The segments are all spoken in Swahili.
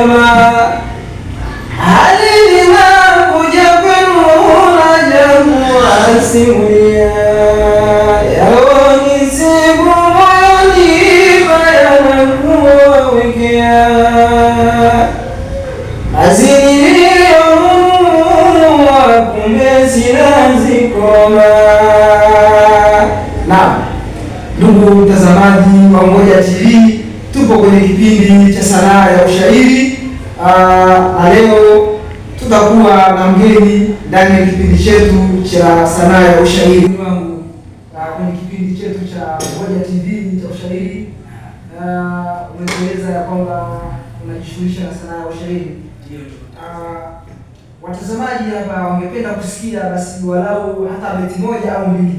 wema hali linakuja kwenu simulia yaoni siku moyoni yanakuwawekea mazingira Mungu kumbe zinazikoma. Naam, ndugu mtazamaji wa Pamoja TV Kiswahili. Ah, na leo tutakuwa na mgeni ndani ya kipindi chetu cha sanaa ya ushairi wangu ah, kwenye kipindi chetu cha moja TV cha ushairi. Umeeleza ya kwamba unajishughulisha na sanaa ya ushairi, ah, watazamaji hapa wangependa kusikia basi walau hata beti moja au mbili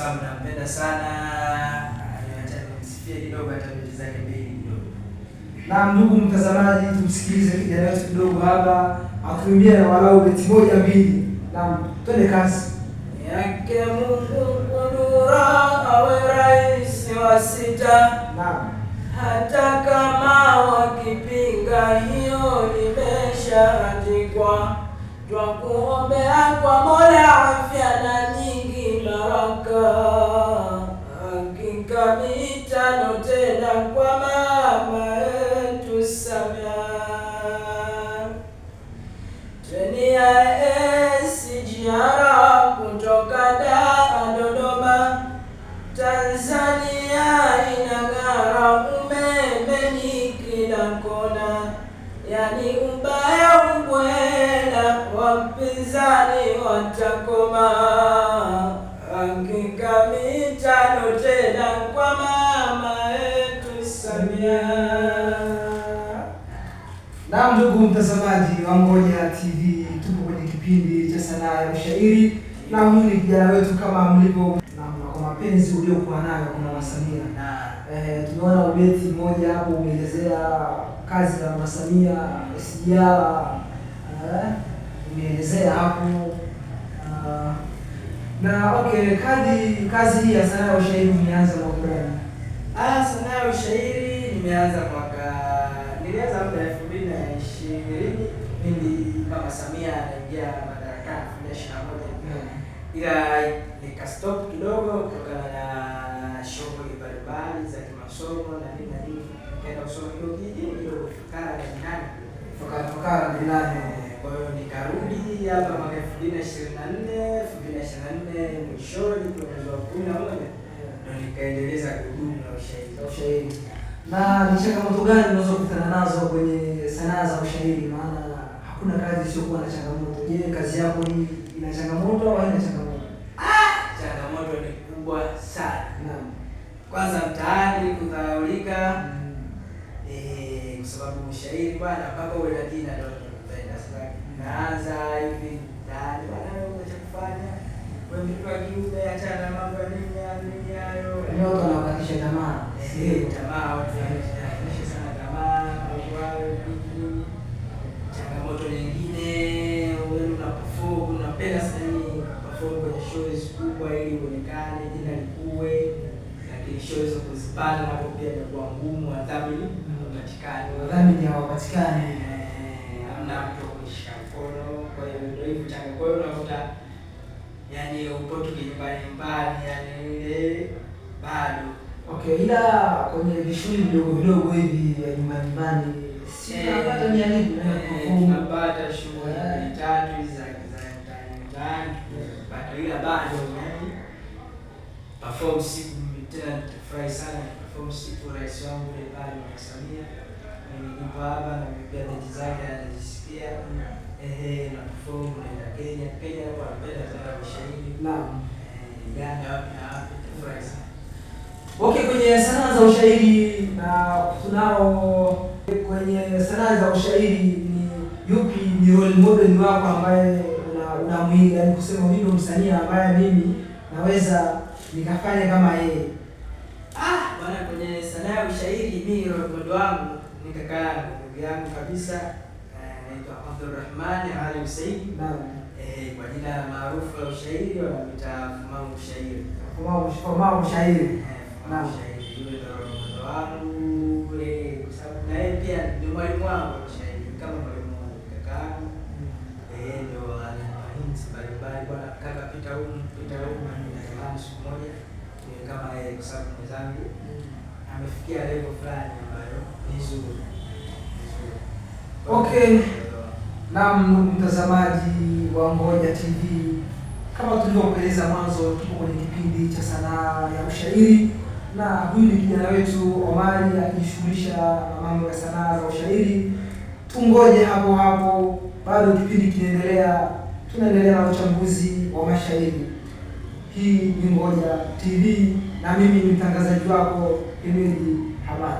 sababu nampenda sana, nimsifie kidogo, hata binti zake mbili kidogo. Na ndugu mtazamaji, tumsikilize kijana wetu kidogo hapa atuimbie na walau beti moja mbili, na twende kasi yake Mungu kudura awe rais wa sita na hata kama wakipinga hiyo limeshaandikwa, twakuombea kwa Mola afya na baraka hakika mitano tena kwa mama yetu Samia. Treni ya SGR kutoka Dar Dodoma, Tanzania inang'ara, umeme ni kila kona, yani ubaya ubwela, wapinzani watakoma Hakika mitano tena kwa mama yetu Samia. Na ndugu mtazamaji wa Ngoja TV, tupo kwenye kipindi cha sanaa ya ushairi na huyu ni kijana wetu kama mlivyo mapenzi uliokuwa nayo kuna Masamia. Eh, tumeona ubeti mmoja hapo umeelezea kazi ya Masamia SGR, eh, umeelezea hapo na okay, kazi kazi hii ya sanaa ya ushairi umeanza mwaka gani? Ah, sanaa ya ushairi nimeanza mwaka nilianza mwaka elfu mbili na ishirini mimi Mama Samia anaingia madarakani elfu mbili ishirini na moja mm. ila nikastop kidogo kutokana na shughuli mbalimbali za kimasomo na nini na nini, nikaenda kusoma kidogo kijijini kidogo, Ifakara na jirani, Ifakara na kwa hiyo nikarudi hapa mwaka elfu mbili na ishirini na nne elfu mbili na ishirini na nne mwishoni mwezi wa kumi na moja ndo nikaendeleza kudumu na ushairi ushairi. Na ni changamoto gani unazokutana nazo kwenye sanaa za ushairi? Maana hakuna kazi isiyokuwa na changamoto. Je, kazi yako hii ina changamoto au haina changamoto? Ah, changamoto ni kubwa sana. kwanza mtaani kudharaulika, mm. Eh, kwa sababu ushairi bwana mpaka uwe na jina ndio naanza hivi tayari, bwana wewe cha kufanya wewe, mtoto wa kiume, achana na mambo ya nini ya nini hayo, nyoka na kukatisha tamaa. Eh, tamaa watu wanaisha sana tamaa, wao nini, changamoto nyingine, wewe unaperform, unapenda sana perform kwenye shows kubwa ili uonekane, jina likue, lakini shows hizo kuzipata na pia inakuwa ngumu, wadhamini hawapatikani, wadhamini hawapatikani na mtu kushika mkono. Kwa hiyo ndio hivyo changa, kwa hiyo unakuta yani upo tu tukinyumbani mbali, yani ile bado okay, ila kwenye vishuli vidogo vidogo hivi eh, ya eh, nyumbani mbali sinapata na nini napata shughuli eh. tatu za za ndani, bado, ila bado yani perform siku mitatu. tufurahi sana perform siku rais wangu ile pale Samia nipo hapa na pia deti zake anajisikia ehe, na perform na Kenya Kenya, hapo anapenda sana mashahidi naam, eh, Uganda wapi na wapi, Okay, kwenye sanaa za ushairi na tunao kwenye sanaa za ushairi ni yupi ni role model wako ambaye unamwiga, yaani kusema huyu ndo msanii ambaye mimi naweza nikafanya kama yeye? Ah bwana, kwenye sanaa ya ushairi mimi role model wangu nikakaa na ndugu yangu kabisa eh, anaitwa Abdurrahman Ali Said, eh, kwa jina maarufu la ushairi wanamwita Fumau Shairi. Fumau Fumau eh, Fumau Shairi yule ndio mwanzo wangu yule, kwa sababu na yeye pia ni mwalimu wangu wa shairi, kama mwalimu wangu kakaangu. Mm. Eh, ndio ananipa mbalimbali, bwana kaka, pita huko pita huko, na siku moja eh, kama yeye, kwa sababu mwenzangu mm amefikia level fulani ambayo ni nzuri. Okay. Naam, mtazamaji wa Ngoja TV, kama tulivyokueleza mwanzo, tuko kwenye kipindi cha sanaa ya ushairi na huyu ni kijana wetu Omari akijishughulisha na mambo ya sanaa za ushairi. Tungoje hapo hapo, bado kipindi kinaendelea, tunaendelea na uchambuzi wa mashairi. Hii ni Ngoja TV na mimi ni mtangazaji wako 因为他吧。